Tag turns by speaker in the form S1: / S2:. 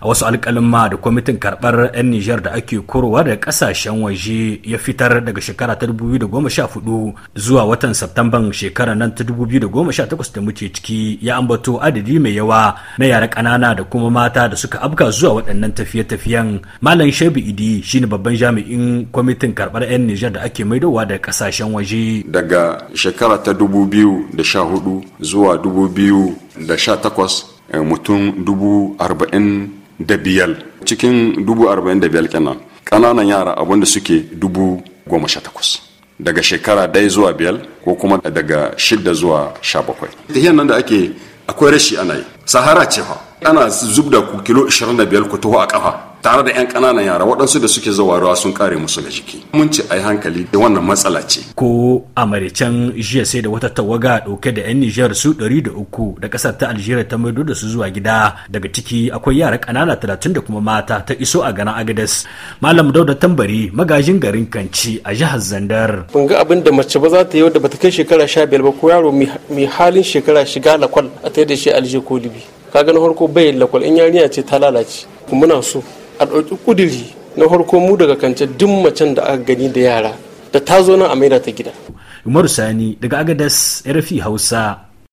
S1: a wasu alƙalin da kwamitin karɓar 'yan nijar da ake korowa da kasashen waje ya fitar daga shekara ta 2014 zuwa watan Septamban shekara nan ta 2018 da muke ciki ya ambato adadi mai yawa na yara ƙanana da kuma mata da suka abka zuwa waɗannan tafiye-tafiyen. Malam shabi Idi shine babban jami'in kwamitin karbar 'yan nijar da ake maidowa da kasashen waje.
S2: Daga shekara ta 2014 zuwa 2018 eh, mutum dubu arba'in da biyar cikin dubu arba'in da biyar kenan ƙananan yara abinda suke dubu goma sha takwas daga shekara dai zuwa biyar ko kuma daga shida zuwa sha bakwai tahiyan nan da ake akwai rashi ana yi sahara ce fa ana zub da kilo da biyar ku taho a kafa tare da 'yan ƙananan yara waɗansu da suke zuwa ruwa sun kare musu da jiki mun ce ai hankali da wannan matsala ce
S1: ko a jiya sai da wata tawaga ɗauke da 'yan nijar su ɗari da uku da ƙasar ta algeria ta maido da su zuwa gida daga ciki akwai yara ƙanana talatin da kuma mata ta iso a garin agades malam dauda tambari magajin garin kanci a jihar zandar mun
S3: ga abin da mace ba za ta yi wadda bata kai shekara sha ba ko yaro mai halin shekara shiga lakwal a ta da shi alje ko libi kaga na farko bai lakwal in yarinya ce ta lalace muna so a ɗauki ƙudiri na farko mu daga kance duk macen da aka gani da
S4: yara da ta zo nan a maida ta gida. Umaru Sani daga Agadas RFI Hausa